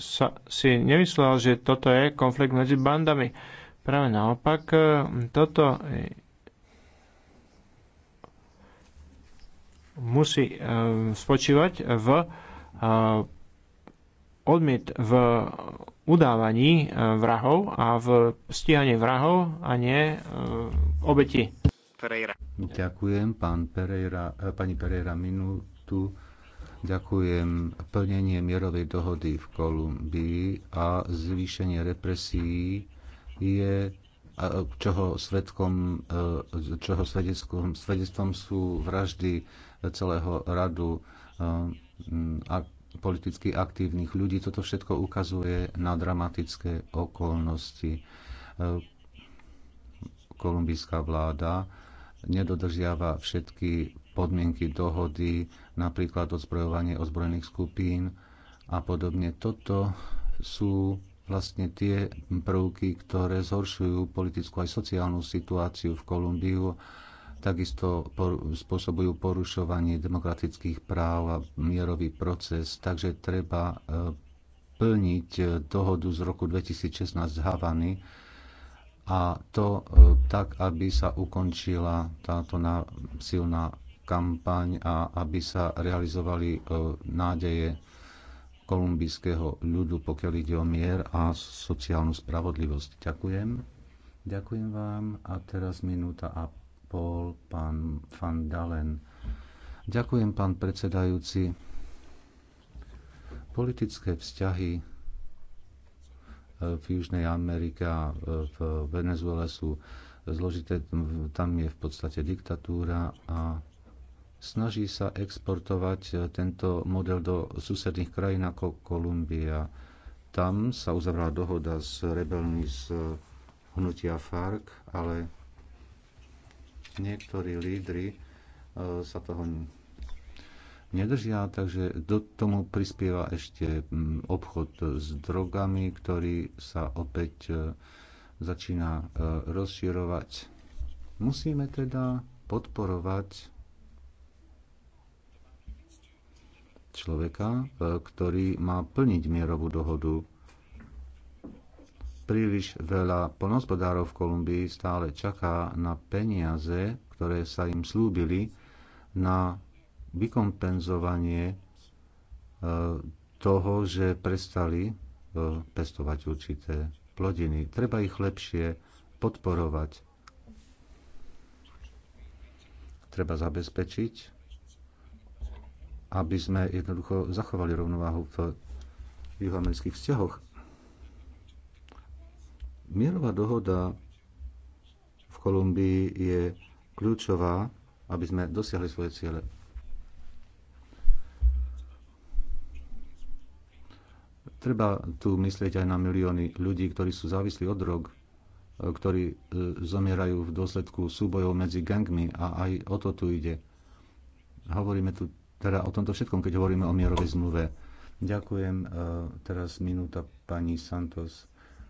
sa, si nemyslela, že toto je konflikt medzi bandami. Práve naopak, e, toto musí e, spočívať v e, odmiet v udávaní e, vrahov a v stíhaní vrahov a nie obeti. Pereira. Ďakujem, pán Pereira, pani Pereira, minútu. Ďakujem plnenie mierovej dohody v Kolumbii a zvýšenie represí je čoho, svedkom, čoho svedectvom, svedectvom sú vraždy celého radu eh, politicky aktívnych ľudí. Toto všetko ukazuje na dramatické okolnosti. Eh, kolumbijská vláda nedodržiava všetky podmienky dohody, napríklad odzbrojovanie ozbrojených skupín a podobne. Toto sú vlastne tie prvky, ktoré zhoršujú politickú aj sociálnu situáciu v Kolumbiu takisto spôsobujú porušovanie demokratických práv a mierový proces, takže treba e, plniť e, dohodu z roku 2016 z Havany a to e, tak, aby sa ukončila táto silná kampaň a aby sa realizovali nádeje kolumbijského ľudu, pokiaľ ide o mier a sociálnu spravodlivosť. Ďakujem. Ďakujem vám a teraz minúta a bol pán Van Dalen. Ďakujem, pán predsedajúci. Politické vzťahy e, v Južnej Amerike a e, v Venezuele sú zložité. Tam je v podstate diktatúra a snaží sa exportovať e, tento model do susedných krajín ako Kolumbia. Tam sa uzavrala dohoda s rebelmi z hnutia FARC, ale niektorí lídry e, sa toho nedržia, takže do tomu prispieva ešte obchod s drogami, ktorý sa opäť e, začína e, rozširovať. Musíme teda podporovať človeka, ktorý má plniť mierovú dohodu Príliš veľa polnospodárov v Kolumbii stále čaká na peniaze, ktoré sa im slúbili, na vykompenzovanie e, toho, že prestali e, pestovať určité plodiny. Treba ich lepšie podporovať. Treba zabezpečiť, aby sme jednoducho zachovali rovnováhu v juhoamerických vzťahoch. Mierová dohoda v Kolumbii je kľúčová, aby sme dosiahli svoje ciele. Treba tu myslieť aj na milióny ľudí, ktorí sú závislí od drog, ktorí e, zomierajú v dôsledku súbojov medzi gangmi a aj o to tu ide. Hovoríme tu teda o tomto všetkom, keď hovoríme o mierovej zmluve. Ďakujem. E, teraz minúta pani Santos.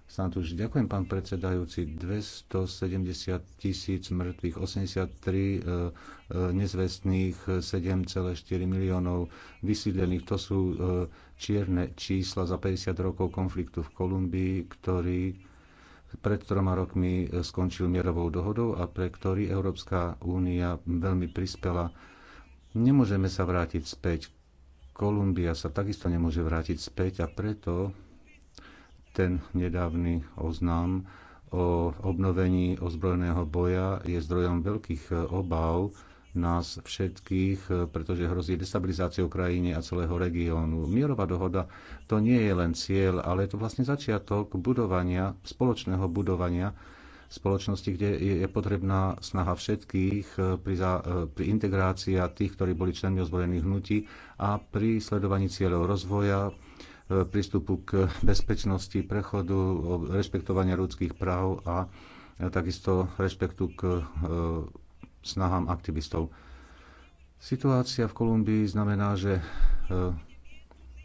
Santuš. Ďakujem, pán predsedajúci. 270 tisíc mŕtvych, 83 e, e, nezvestných, 7,4 miliónov vysídlených. To sú e, čierne čísla za 50 rokov konfliktu v Kolumbii, ktorý pred troma rokmi skončil mierovou dohodou a pre ktorý Európska únia veľmi prispela. Nemôžeme sa vrátiť späť. Kolumbia sa takisto nemôže vrátiť späť a preto ten nedávny oznám o obnovení ozbrojeného boja je zdrojom veľkých e, obav nás všetkých, e, pretože hrozí destabilizáciou krajiny a celého regiónu. Mierová dohoda to nie je len cieľ, ale je to vlastne začiatok budovania, spoločného budovania spoločnosti, kde je potrebná snaha všetkých e, pri, za, pri integrácii tých, ktorí boli členmi ozbrojených hnutí a pri sledovaní cieľov rozvoja, prístupu k bezpečnosti prechodu, rešpektovania ľudských práv a takisto rešpektu k e, snahám aktivistov. Situácia v Kolumbii znamená, že e,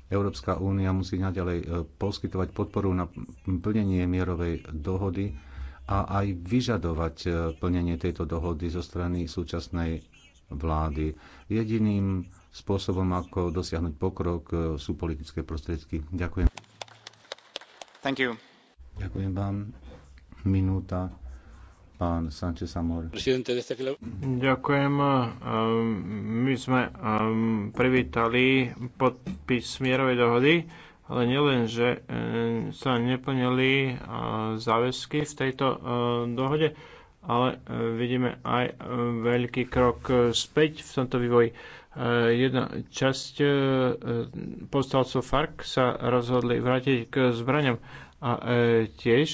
Európska únia musí naďalej e, poskytovať podporu na plnenie mierovej dohody a aj vyžadovať plnenie tejto dohody zo strany súčasnej vlády. Jediným spôsobom, ako dosiahnuť pokrok, e, sú politické prostriedky. Ďakujem. Thank you. Ďakujem vám. Minúta. Pán Sanchez Amor. Ďakujem. E, my sme e, privítali podpis mierovej dohody, ale nielen, že sa neplnili záväzky v tejto dohode, ale e, vidíme aj e, veľký krok e, späť v tomto vývoji. Jedna časť postavcov FARC sa rozhodli vrátiť k zbraniam a tiež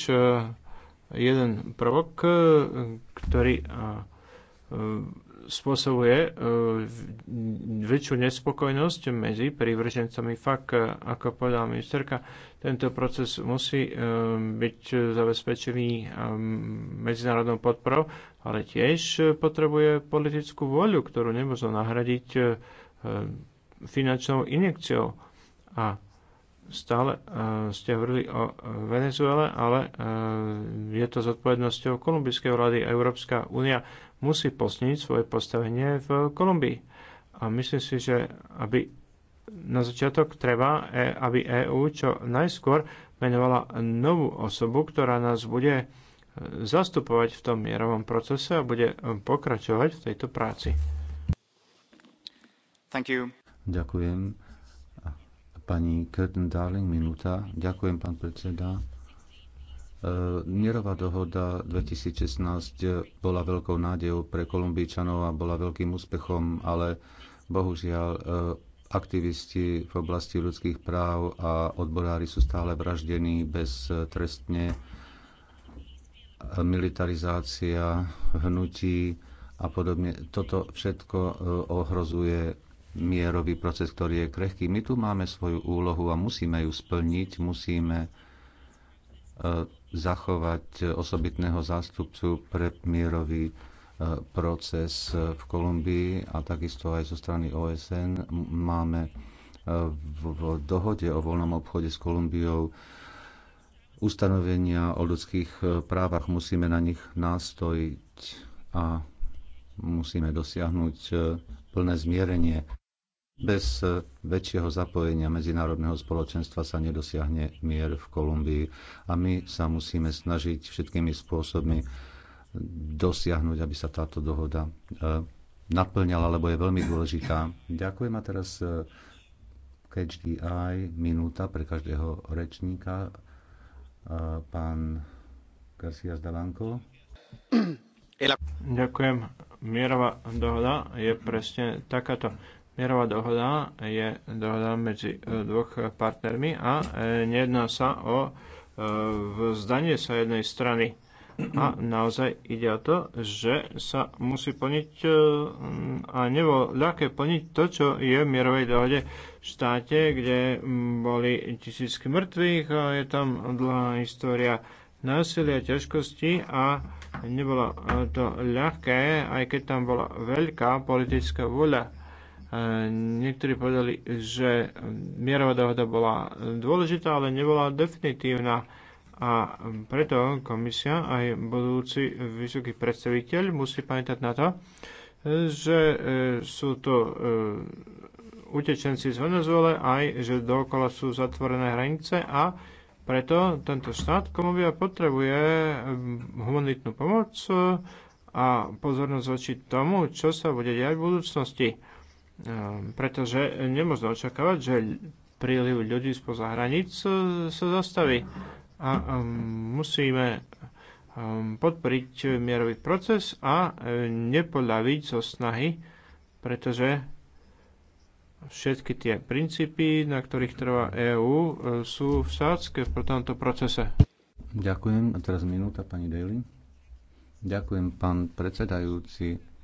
jeden prvok, ktorý spôsobuje e, väčšiu nespokojnosť medzi prívržencami FAK, e, ako povedala ministerka. Tento proces musí e, byť zabezpečený medzinárodnou podporou, ale tiež potrebuje politickú voľu, ktorú nemôžno nahradiť finančnou injekciou. A stále uh, ste hovorili o Venezuele, ale uh, je to zodpovednosťou kolumbijskej vlády. Európska únia musí posniť svoje postavenie v Kolumbii. A myslím si, že aby na začiatok treba, e, aby EÚ čo najskôr menovala novú osobu, ktorá nás bude e, zastupovať v tom mierovom procese a bude e, pokračovať v tejto práci. Thank you. Ďakujem. Pani Curtin Darling, minúta. Ďakujem, pán predseda E, Mierová dohoda 2016 bola veľkou nádejou pre Kolumbíčanov a bola veľkým úspechom, ale bohužiaľ e, aktivisti v oblasti ľudských práv a odborári sú stále vraždení bez trestne e, Militarizácia, hnutí a podobne. Toto všetko ohrozuje mierový proces, ktorý je krehký. My tu máme svoju úlohu a musíme ju splniť, musíme E, zachovať osobitného zástupcu pre mierový e, proces e, v Kolumbii a takisto aj zo strany OSN máme v dohode o voľnom obchode s Kolumbiou ustanovenia o ľudských právach, musíme na nich nástojiť a musíme dosiahnuť plné zmierenie. Bez e, väčšieho zapojenia medzinárodného spoločenstva sa nedosiahne mier v Kolumbii a my sa musíme snažiť všetkými spôsobmi dosiahnuť, aby sa táto dohoda e, naplňala, lebo je veľmi dôležitá. Ďakujem a teraz e, HDI minúta pre každého rečníka. Pán Garcia Zdavanko. Ďakujem. Mierová dohoda je presne takáto. Mierová dohoda je dohoda medzi e, dvoch partnermi a e, nejedná sa o e, vzdanie sa jednej strany. A naozaj ide o to, že sa musí plniť a nebolo ľahké plniť to, čo je v mierovej dohode v štáte, kde boli tisícky mŕtvych a je tam dlhá história násilia, ťažkosti a nebolo to ľahké, aj keď tam bola veľká politická vôľa E, niektorí povedali, že mierová dohoda bola dôležitá, ale nebola definitívna. A preto komisia aj budúci vysoký predstaviteľ musí pamätať na to, že e, sú to e, utečenci z Venezuele, aj že dookola sú zatvorené hranice a preto tento štát Kolumbia potrebuje humanitnú pomoc a pozornosť voči tomu, čo sa bude diať v budúcnosti Ehm, pretože nemôžno očakávať, že príliv ľudí spoza hraníc e, sa zastaví. A ehm, musíme ehm, podporiť mierový proces a e, nepodľaviť zo snahy, pretože všetky tie princípy, na ktorých trvá EÚ, e, sú v sádzke v tomto procese. Ďakujem. A teraz minúta, pani Daly. Ďakujem, pán predsedajúci